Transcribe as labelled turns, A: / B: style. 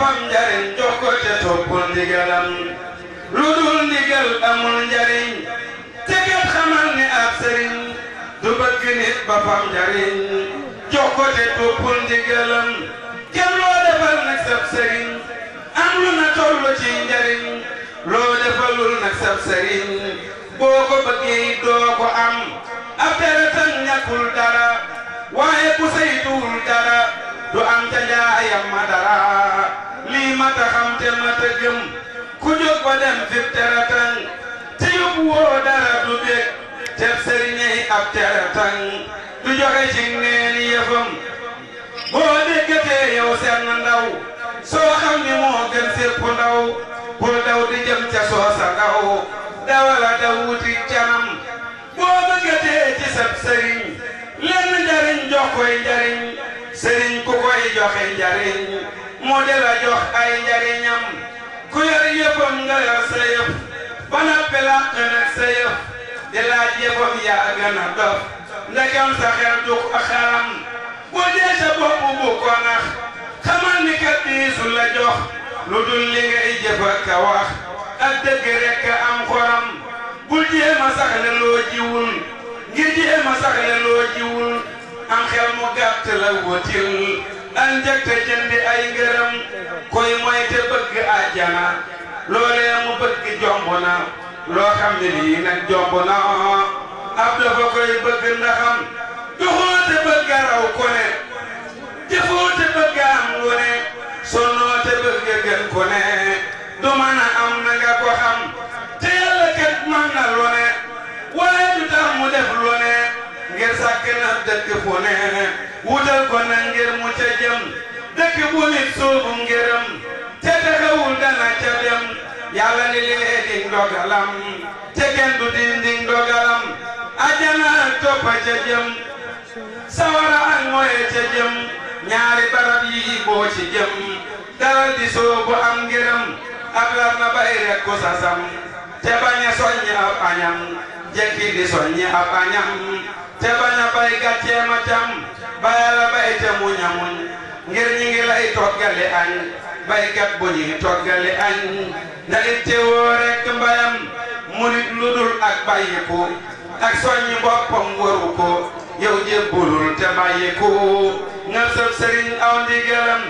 A: boppam njariñ jox ko te toppul ndigalam lu dul ndigal amul njariñ te kat xamal ni ab sëriñ du bëgg nit boppam njariñ jox ko te toppul ndigalam kenn loo defal nag sab sëriñ am lu na tollu ci njariñ loo defalul nag sab sëriñ boo ko bëggee doo am ab tere tan ñàkkul dara waaye ku saytuwul dara du am ca njaayam ma dara te mat a gëm ku jóg ba dem fi teratang te yóbbu woo dara du bég te sëriñ yi ab teratang du joxe ci ngeen yëfam boo déggatee yow seen ndaw soo xam moo gën sépp ndaw bul daw di jëm ca soosa ngaw dawala daw wuti canam boo bëggatee ci sab sëriñ lenn njariñ jox koy njariñ sëriñ ku koy joxe njariñ moo de la jox ay njariñam ku yor yëppam nga yor sa yëf ba noppi làq nag sa yëf di laaj yëppam yaa gën a dof ndegam sa xel dug ak xaram dee sa bopp bu ko nax xamal ni kat la jox lu dul li ngay jëf ak a wax ak dëgg rekk am xoram bul jéem a sax le loo jiwul ngir jéem a sax le loo jiwul am xel mu gàtt la wóotil an jëkka jëndi ay ngërëm koy mooy te bëgg àjjana loolee mu bëgg jomb na loo xam ne lii na ab dafa koy bëgg ndaxam joxoo te bëgg a raw ko ne jëfoo bëgg a am lu bëgg a gën ko ne du mën a am na nga ko xam dëkk bu neene wutal ko na ngir mu dëkk bu nit suubu ngërëm te taxawul dana ca dem yàlla ni lee di ndogalam te kenn du dindi ndogalam ajana toppa ca sawara ak moye ca ñaari barab yi boo ci jëm di soobu am ngërëm ak lar na bay rek ku sasam te bañ a soññi ab añam jekki di soññi ab añam te bañ a bay gàcceema tam bayala bay te muñ a muñ ngir ñi ngi lay toggali añ baykat bu ñuy toggali añ ndalit te woo rek mbayam lu dul ak bàyyiku ak soññi boppam waru ko yow jébbulul te bàyyiku nga sëb sëriñ aw ndigalam